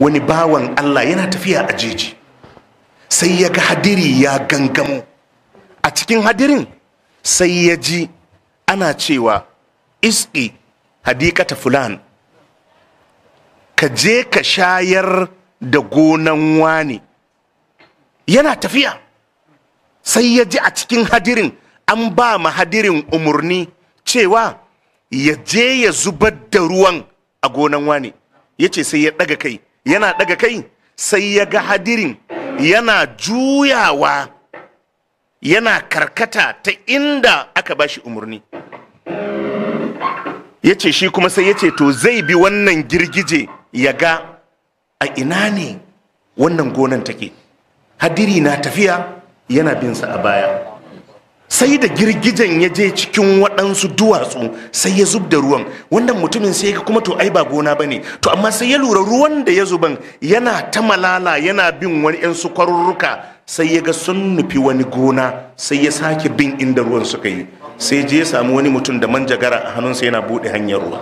wani bawan Allah yana tafiya a jeji sai ya ga hadiri ya gangamo a cikin hadirin sai ya ji ana cewa iski hadikata fulan ka je ka shayar da gonan wani yana tafiya sai ya ji a cikin hadirin an ba ma hadirin umarni cewa ya je ya zubar da ruwan a gonan wani ya ce sai ya ɗaga kai yana daga kai sai ya ga hadirin yana juyawa yana karkata ta inda aka bashi umarni ya ce shi kuma sai ya ce to zai bi wannan girgije ya ga a ina ne wannan gonan take hadiri na tafiya yana binsa a baya sai da girgijen ya je cikin waɗansu duwatsu sai ya zub da ruwan wannan mutumin sai ga kuma to ai ba gona ba ne. to amma sai ya lura ruwan da ya zuban yana ta malala yana bin wani yan su kwarurruka sai ya ga sun nufi wani gona sai ya sake bin inda ruwan suka yi sai je ya samu wani mutum da manjagara a hannunsa yana buɗe hanyar ruwa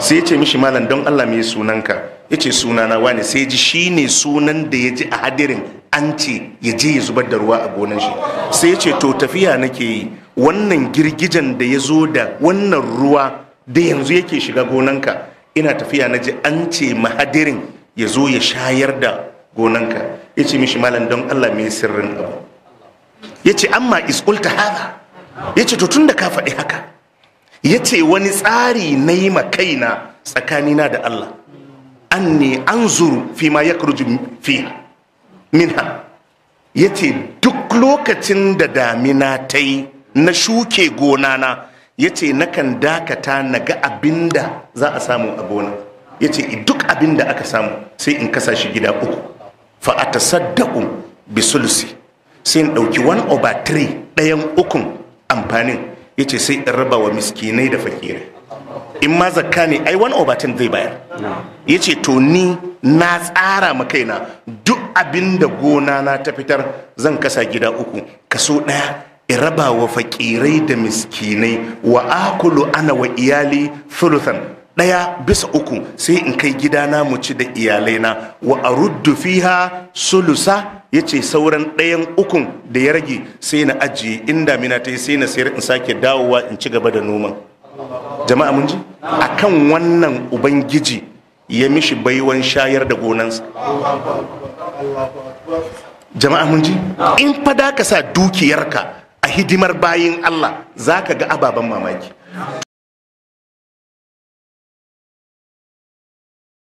sai ya ce mishi malam don allah mai sunanka ya ce sunana wani sai ji shine sunan da ya ji a hadirin an ce ya je ya zubar da ruwa a gonan shi sai ce to tafiya nake yi wannan girgijen da ya zo da wannan ruwa da yanzu yake shiga gonanka ina tafiya na ji an ce mahadirin ya zo ya shayar da gonanka ya ce mishi malam don allah mai sirrin abu ya ce amma iskulta haka ya ce to tun da ka faɗi haka ya ce wani tsari na yi ma kaina tsakanina da allah an ne an zuru fi ma ya fiha minha ya ce duk lokacin da damina ta yi na shuke gonana ya ce nakan dakata na ga abin da za a samu a gona ya ce duk abin da aka samu sai in kasa shi gida uku fa'ata saddaƙun bisulsi sai in ɗauki 1 over 3 ɗayan ukun amfanin ya ce sai in raba wa miskinai da fakirai in ma zakka ne ai 1 over 10 zai bayar ya ce to ni na tsara ma kaina duk abin da gona na ta fitar zan kasa gida uku kaso ɗaya in raba wa fakirai da miskinai wa akulu ana wa iyali fulutan ɗaya bisa uku sai in kai gidana mu ci da na wa a ruddu fiha sulusa ya ce sauran ɗayan ukun da ya rage sai na ajiye inda mina ta yi sai na sayar in sake dawowa in ci gaba da noman jama'a mun ji A kan wannan ubangiji ya mishi baiwan shayar da gonansa jama'a mun ji in fada ka sa dukiyarka a hidimar bayin Allah za ka ga ababen mamaki